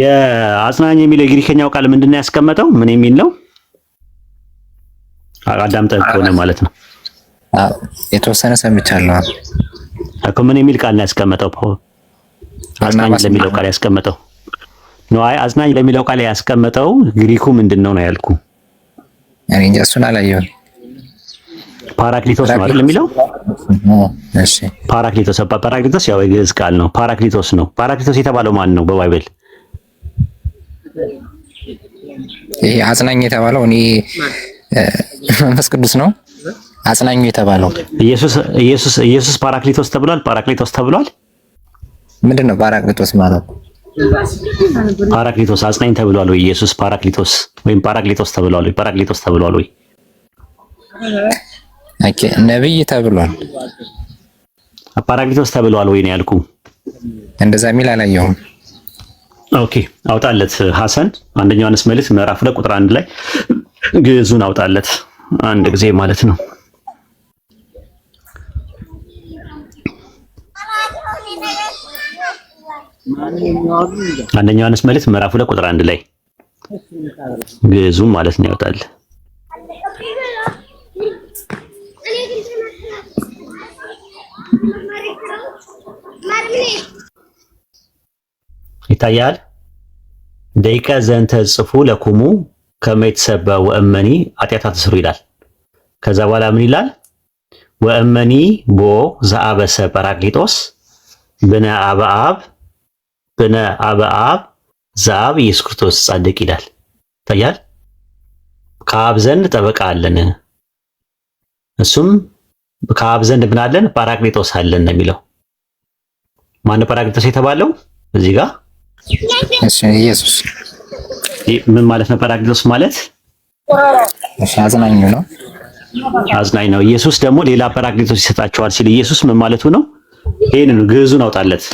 የአጽናኝ የሚለው የግሪከኛው ቃል ምንድን ነው ያስቀመጠው? ምን የሚል ነው? አዳምጠህ ከሆነ ማለት ነው። የተወሰነ ሰምቻለሁ እኮ። ምን የሚል ቃል ነው ያስቀመጠው? አጽናኝ ለሚለው ቃል ያስቀመጠው ነዋይ። አጽናኝ ለሚለው ቃል ያስቀመጠው ግሪኩ ምንድን ነው ነው ያልኩ። እንጃ እሱን አላየሁም። ፓራክሊቶስ ነው አይደል የሚለው? እሺ ፓራክሊቶስ፣ ፓራክሊቶስ ያው የግዕዝ ቃል ነው። ፓራክሊቶስ ነው። ፓራክሊቶስ የተባለው ማን ነው በባይብል ይሄ አጽናኝ የተባለው እኔ መንፈስ ቅዱስ ነው። አጽናኙ የተባለው ኢየሱስ ኢየሱስ ኢየሱስ ፓራክሊቶስ ተብሏል። ፓራክሊቶስ ተብሏል። ምንድን ነው ፓራክሊቶስ ማለት? ፓራክሊቶስ አጽናኝ ተብሏል ወይ? ኢየሱስ ፓራክሊቶስ ወይም ፓራክሊቶስ ተብሏል ወይ? ፓራክሊቶስ ተብሏል ወይ? ኦኬ ነብይ ተብሏል። ፓራክሊቶስ ተብሏል ወይ ነው ያልኩ። እንደዛ ሚል አላየሁም። ኦኬ አውጣለት ሐሰን አንደኛ ዮሐንስ መልእክት ምዕራፍ ሁለት ቁጥር አንድ ላይ ግዕዙን አውጣለት አንድ ጊዜ ማለት ነው። አንደኛ ዮሐንስ መልእክት ምዕራፍ ሁለት ቁጥር አንድ ላይ ግዕዙን ማለት ነው ያውጣል። ይታያል። ደቂቀ ዘንተ ጽፉ ለኩሙ ከመ ይትሰበእ ወእመኒ ኃጢአታ ትስሩ ይላል። ከዛ በኋላ ምን ይላል? ወእመኒ ቦ ዘአበሰ ጰራቅሊጦስ ብነ አበ አብ ብነ አበ ዘአብ ኢየሱስ ክርስቶስ ጻድቅ ይላል። ይታያል። ከአብ ዘንድ ጠበቃ አለን፣ እሱም ከአብ ዘንድ ምን አለን? አለን ነው የሚለው። ማነው ጳራቅሊጦስ የተባለው እዚህ ጋር ኢየሱስ ምን ማለት ነው? ጰራቅሊጦስ ማለት አዝናኝ ነው። አዝናኝ ነው። ኢየሱስ ደግሞ ሌላ ጰራቅሊጦስ ይሰጣቸዋል ሲል ኢየሱስ ምን ማለቱ ነው? ይሄንን ግዕዙን አውጣለት፣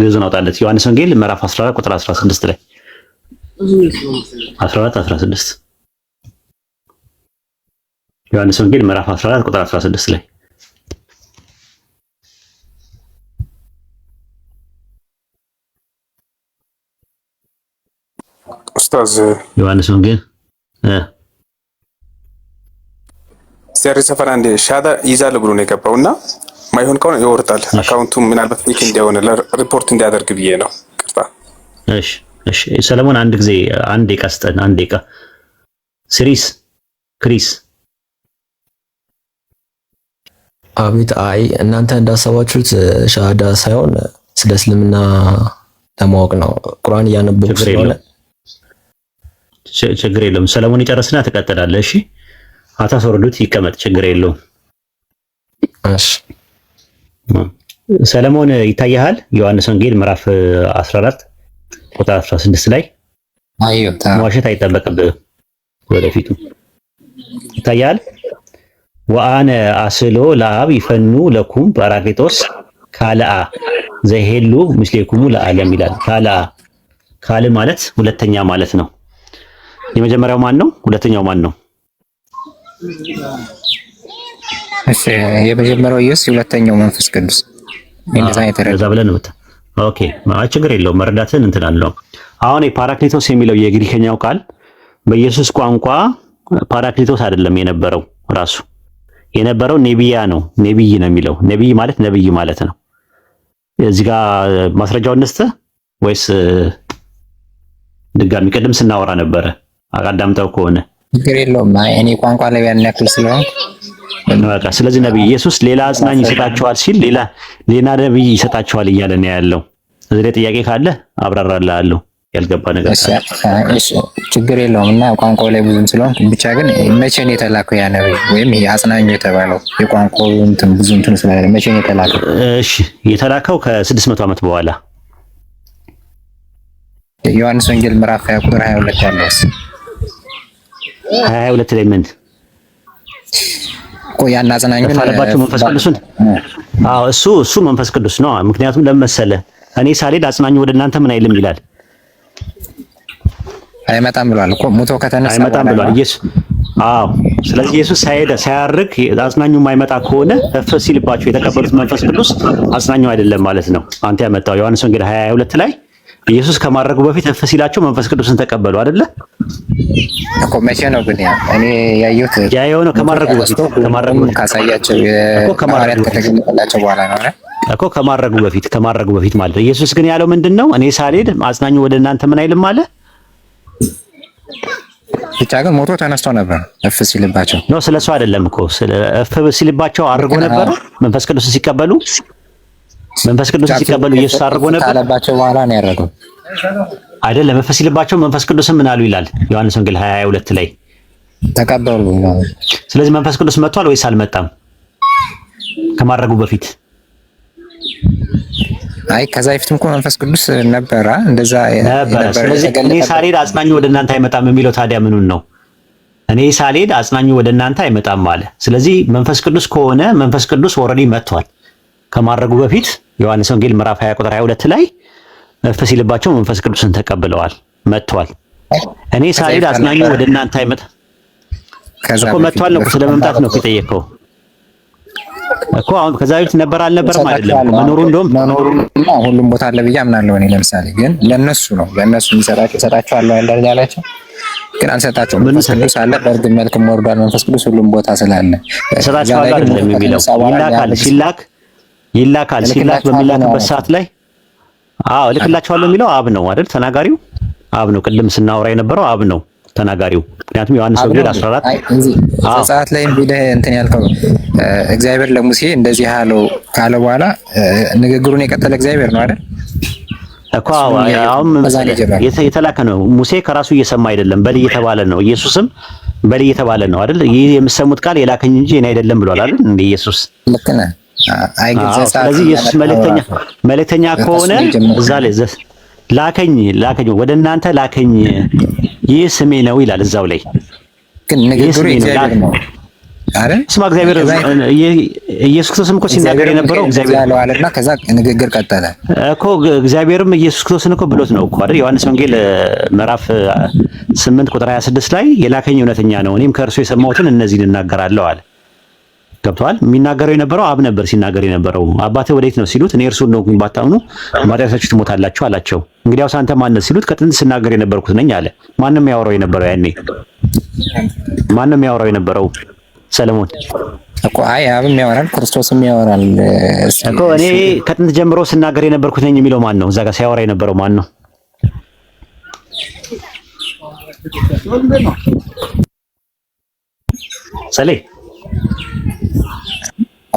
ግዕዙን አውጣለት። ዮሐንስ ወንጌል ምዕራፍ 14 ቁጥር 16 ላይ 14 16 ዮሐንስ ወንጌል ምዕራፍ 14 ቁጥር 16 ላይ ኡስታዝ ዮሐንስ ወንጌል ሰሪ ሰፈራ እንደ ሻዳ ይዛል ብሎ ነው የገባው እና ማይሆን ከሆነ ይወርጣል። አካውንቱ ምናልባት ፌክ እንዲሆነ ሪፖርት እንዲያደርግ ብዬ ነው። ቅርታ። እሺ፣ እሺ። ሰለሞን አንድ ጊዜ አንድ ደቂቃ ስጠን። አንድ ደቂቃ ስሪስ ክሪስ አቤት። አይ እናንተ እንዳሰባችሁት ሻዳ ሳይሆን ስለ እስልምና ለማወቅ ነው። ቁርአን እያነበብኩ ስለሆነ ችግር የለውም። ሰለሞን ይጨርስና ትቀጥላለህ። እሺ አታስወርዱት፣ ይቀመጥ፣ ችግር የለውም። እሺ ሰለሞን ይታያል። ዮሐንስ ወንጌል ምዕራፍ 14 ቁጥር 16 ላይ መዋሸት አይጠበቅብህም። ወደፊቱ ይታያል። ወአነ አስሎ ለአብ ይፈኑ ለኩም ጰራቅሊጦስ ካልአ ዘሄሉ ምስሌኩሙ ለዓለም ይላል። ካልአ ካል ማለት ሁለተኛ ማለት ነው። የመጀመሪያው ማን ነው? ሁለተኛው ማን ነው? እሺ የመጀመሪያው ኢየሱስ፣ ሁለተኛው መንፈስ ቅዱስ። እንደዛ የተረዳ ብለን ወጣ። ኦኬ ችግር የለውም መረዳትን እንትን አለው። አሁን የፓራክሊቶስ የሚለው የግሪከኛው ቃል በኢየሱስ ቋንቋ ፓራክሊቶስ አይደለም የነበረው ራሱ የነበረው ኔቢያ ነው። ኔቢይ ነው የሚለው ኔቢይ ማለት ነብይ ማለት ነው። እዚህ ጋር ማስረጃው እንስተ ወይስ ድጋሚ? ቅድም ስናወራ ነበረ አዳምጠው ከሆነ ችግር የለውም። እኔ ቋንቋ ላይ ያን ያክል ስለሆነ በቃ ስለዚህ ነብይ ኢየሱስ ሌላ አጽናኝ ይሰጣቸዋል ሲል ሌላ ሌላ ነብይ ይሰጣቸዋል እያለ ነው ያለው። እዚህ ላይ ጥያቄ ካለ አብራራላለሁ። ያልገባ ነገር ችግር የለውም እና ቋንቋ ላይ ብዙም ስለሆን ብቻ ግን መቼ ነው የተላከው ያ ነብይ ወይም አጽናኙ የተባለው የቋንቋው እንትን ብዙ እንትን ስለሆነ መቼ ነው የተላከው? እሺ የተላከው ከስድስት መቶ ዓመት በኋላ ዮሐንስ ወንጌል ምዕራፍ 20 ቁጥር 22 ያለው ሀያ ሁለት ላይ ምን ቆይ ያና አጽናኝ ግን መንፈስ ቅዱስን አዎ እሱ እሱ መንፈስ ቅዱስ ነው። ምክንያቱም ለመሰለ እኔ ሳልሄድ አጽናኙ ወደ እናንተ ምን አይልም ይላል። አይመጣም ብሏል እኮ ሙቶ ከተነሳ አይመጣም ብሏል ኢየሱስ። አዎ ስለዚህ ኢየሱስ ሳይሄድ ሳያርግ አጽናኙ የማይመጣ ከሆነ እፍ ሲልባቸው የተቀበሉት መንፈስ ቅዱስ አጽናኙ አይደለም ማለት ነው። አንተ ያመጣው ዮሐንስ ወንጌል 22 ላይ ኢየሱስ ከማድረጉ በፊት እፍ ሲላቸው መንፈስ ቅዱስን ተቀበሉ አይደለ? እኮ መቼ ነው ግን ያ እኔ ያየሁት ያ የሆነው ከማድረጉ በፊት ከማድረጉ ካሳያቸው እኮ ከማድረጉ ከተገለጠላቸው በኋላ ነው አይደል? እኮ ከማድረጉ በፊት ከማድረጉ በፊት ማለት ነው። ኢየሱስ ግን ያለው ምንድን ነው? እኔ ሳልሄድ አጽናኙ ወደ እናንተ ምን አይልም አለ። ብቻ ግን ሞቶ ተነስቶ ነበር። እፍ ሲልባቸው ነው። ስለሱ አይደለም እኮ እፍ ሲልባቸው አድርጎ ነበር መንፈስ ቅዱስ ሲቀበሉ መንፈስ ቅዱስ ሲቀበሉ ኢየሱስ አድርጎ ነበር ካለባቸው በኋላ ነው ያደረገው አይደል? መንፈስ ሲልባቸው መንፈስ ቅዱስም ምን አሉ ይላል ዮሐንስ ወንጌል 22 ላይ ተቀበሉ። ስለዚህ መንፈስ ቅዱስ መጥቷል ወይስ አልመጣም? ከማድረጉ በፊት አይ ከዛ ይፍትም እኮ መንፈስ ቅዱስ ነበረ፣ እንደዛ ነበር። ስለዚህ እኔ ሳልሄድ አጽናኙ ወደ እናንተ አይመጣም የሚለው ታዲያ ምኑን ነው? እኔ ሳልሄድ አጽናኙ ወደ እናንተ አይመጣም አለ። ስለዚህ መንፈስ ቅዱስ ከሆነ መንፈስ ቅዱስ ኦልሬዲ መጥቷል። ከማድረጉ በፊት ዮሐንስ ወንጌል ምዕራፍ 20 ቁጥር 22 ላይ መንፈስ ሲልባቸው መንፈስ ቅዱስን ተቀብለዋል መጥቷል። እኔ ሳልሄድ አጽናኙ ወደ እናንተ አይመጣም እኮ መጥቷል ነው ስለ መምጣት ነው የጠየቀው እኮ አሁን ከዛ በፊት ነበር አልነበረም አይደለም መኖሩ እንደውም መኖሩ ሁሉም ቦታ አለ ብዬ አምናለሁ እኔ ለምሳሌ ግን ለነሱ ነው ለነሱ የሚሰጣቸው እሰጣቸዋለሁ ያለ ያላቸው ግን አልሰጣቸውም መንፈስ ቅዱስ አለ በእርግጥ መልክ ወርዷል መንፈስ ቅዱስ ሁሉም ቦታ ስላለ እሰጣቸዋለሁ አይደለም የሚለው ይላካል ሲላክ ይላካል። ሲላክ በሚላክበት ሰዓት ላይ አዎ እልክላችኋለሁ የሚለው አብ ነው አይደል? ተናጋሪው አብ ነው። ቅድም ስናወራ የነበረው አብ ነው ተናጋሪው። ምክንያቱም ዮሐንስ ወንጌል 14 እዚህ ሰዓት ላይ ቢልህ እንትን ያልከው እግዚአብሔር ለሙሴ እንደዚህ አለው ካለ በኋላ ንግግሩን የቀጠለ እግዚአብሔር ነው አይደል? እኮ አሁን የተላከ ነው። ሙሴ ከራሱ እየሰማ አይደለም፣ በል እየተባለ ነው። ኢየሱስም በል እየተባለ ነው አይደል? ይህ የምሰሙት ቃል የላከኝ እንጂ እኔ አይደለም ብሏል አይደል? እንደ ኢየሱስ ልክ ነህ። ስለዚህ ኢየሱስ መልእክተኛ መልእክተኛ ከሆነ እዛ ላይ ላከኝ ላከኝ ወደ እናንተ ላከኝ ይህ ስሜ ነው ይላል እዛው ላይ ግን ንግግሩ እግዚአብሔር ነው ስማ እግዚአብሔር ኢየሱስ ክርስቶስም እኮ ሲናገር የነበረው እግዚአብሔር አለና ከዛ ንግግር ቀጠለ እኮ እግዚአብሔርም ኢየሱስ ክርስቶስን እኮ ብሎት ነው እኮ አይደል? ዮሐንስ ወንጌል ምዕራፍ 8 ቁጥር 26 ላይ የላከኝ እውነተኛ ነው፣ እኔም ከእርሱ የሰማሁትን እነዚህን እናገራለሁ አለ። ገብተዋል። የሚናገረው የነበረው አብ ነበር ሲናገር የነበረው። አባትህ ወዴት ነው ሲሉት እኔ እርሱ ነው ባታምኑ በኃጢአታችሁ ትሞታላችሁ አላቸው። እንግዲያውስ አንተ ማነት ሲሉት ከጥንት ስናገር የነበርኩት ነኝ አለ። ማንም ያወራው የነበረው ያኔ ማንም ያወራው የነበረው ሰለሞን እኮ አይ አብም ያወራል ክርስቶስም ያወራል እኮ እኔ ከጥንት ጀምሮ ስናገር የነበርኩት ነኝ የሚለው ማን ነው? እዛ ጋር ሲያወራ የነበረው ማን ነው? ሰሌ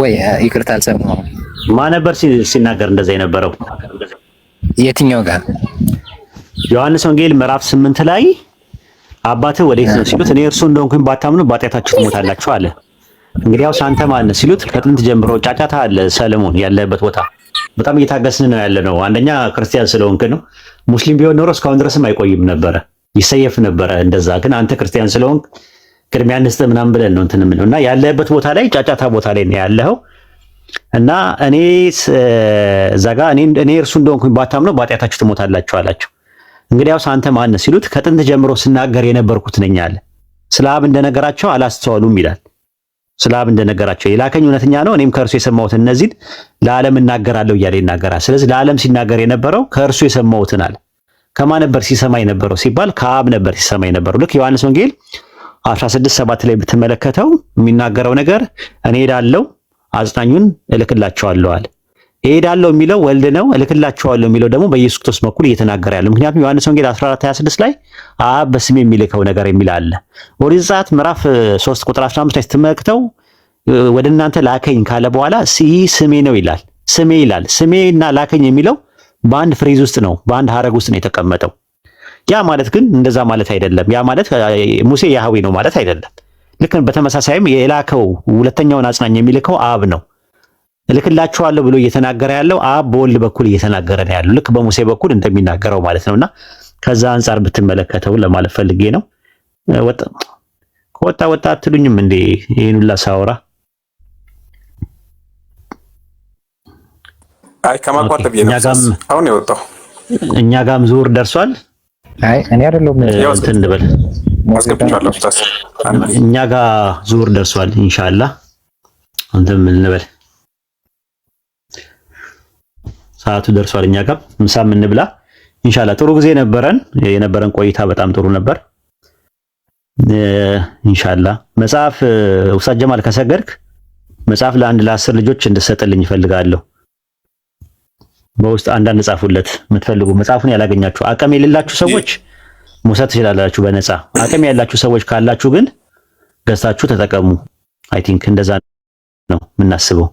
ወይ ይቅርታ አልሰማሁም። ማን ነበር ሲናገር እንደዛ የነበረው? የትኛው ጋር? ዮሐንስ ወንጌል ምዕራፍ ስምንት ላይ አባትህ ወዴት ነው ሲሉት እኔ እርሱ እንደሆንኩኝ ባታምኑ በኃጢአታችሁ ትሞታላችሁ አለ። እንግዲያው አንተ ማነህ ሲሉት ከጥንት ጀምሮ ጫጫታ አለ። ሰለሞን ያለበት ቦታ በጣም እየታገስን ነው ያለ ነው። አንደኛ ክርስቲያን ስለሆንክ ነው። ሙስሊም ቢሆን ኖሮ እስካሁን ድረስም አይቆይም ነበረ፣ ይሰየፍ ነበረ። እንደዛ ግን አንተ ክርስቲያን ስለሆንክ ቅድሚያ አንስተ ምናምን ብለን ነው እንትን የምለው እና ያለህበት ቦታ ላይ ጫጫታ ቦታ ላይ ነው ያለኸው እና እኔ እዛ ጋ እኔ እርሱ እንደሆንኩኝ ባታምነው በኃጢአታችሁ ትሞታላችሁ አላቸው። እንግዲያውስ አንተ ማነስ ሲሉት ከጥንት ጀምሮ ስናገር የነበርኩት ነኝ አለ። ስለ አብ እንደነገራቸው አላስተዋሉም ይላል። ስለ አብ እንደነገራቸው የላከኝ እውነተኛ ነው፣ እኔም ከእርሱ የሰማሁት እነዚህን ለዓለም እናገራለሁ እያለ ይናገራል። ስለዚህ ለዓለም ሲናገር የነበረው ከእርሱ የሰማሁትን አለ። ከማን ነበር ሲሰማ የነበረው ሲባል ከአብ ነበር ሲሰማ የነበረው ልክ ዮሐንስ ወንጌል 16 ላይ ብትመለከተው የሚናገረው ነገር እኔ ሄዳለሁ አጽናኙን እልክላቸዋለዋል። እሄዳለሁ የሚለው ወልድ ነው። እልክላቸዋለሁ የሚለው ደግሞ በኢየሱስ ክርስቶስ በኩል እየተናገረ ያለው ምክንያቱም ዮሐንስ ወንጌል 14 26 ላይ አብ በስሜ የሚልከው ነገር የሚል አለ። ኦሪት ዘጸአት ምዕራፍ 3 ቁጥር 15 ላይ ስትመለከተው ወደ እናንተ ላከኝ ካለ በኋላ ይህ ስሜ ነው ይላል። ስሜ ይላል። ስሜና ላከኝ የሚለው በአንድ ፍሬዝ ውስጥ ነው፣ በአንድ ሀረግ ውስጥ ነው የተቀመጠው። ያ ማለት ግን እንደዛ ማለት አይደለም። ያ ማለት ሙሴ ያህዌ ነው ማለት አይደለም። ልክ በተመሳሳይም የላከው ሁለተኛውን አጽናኝ የሚልከው አብ ነው። እልክላችኋለሁ ብሎ እየተናገረ ያለው አብ በወልድ በኩል እየተናገረ ነው ያለው፣ ልክ በሙሴ በኩል እንደሚናገረው ማለት ነውና ከዛ አንጻር ብትመለከተው ለማለት ፈልጌ ነው። ወጣ ከወጣ ወጣ አትሉኝም እንዴ? ይሄን ሁላ አይ ከማቋረጥ ብዬ ነው አሁን እኛ ጋም ዙር ደርሷል። አይ እኔ አይደለሁም እንትን እንበል እኛ ጋር ዙር ደርሷል። ኢንሻአላ አንተም እንበል ሰዓቱ ደርሷል። እኛ ጋር ምሳም እንብላ። ኢንሻአላ ጥሩ ጊዜ ነበረን። የነበረን ቆይታ በጣም ጥሩ ነበር። ኢንሻአላ መጽሐፍ ውሳት ጀማል ከሰገድክ መጽሐፍ ለአንድ ለአስር ልጆች እንድሰጥልኝ እፈልጋለሁ። በውስጥ አንዳንድ ጻፉለት። የምትፈልጉ መጽሐፉን ያላገኛችሁ አቅም የሌላችሁ ሰዎች መውሰድ ትችላላችሁ በነፃ። አቅም ያላችሁ ሰዎች ካላችሁ ግን ገዝታችሁ ተጠቀሙ። አይ ቲንክ እንደዛ ነው የምናስበው።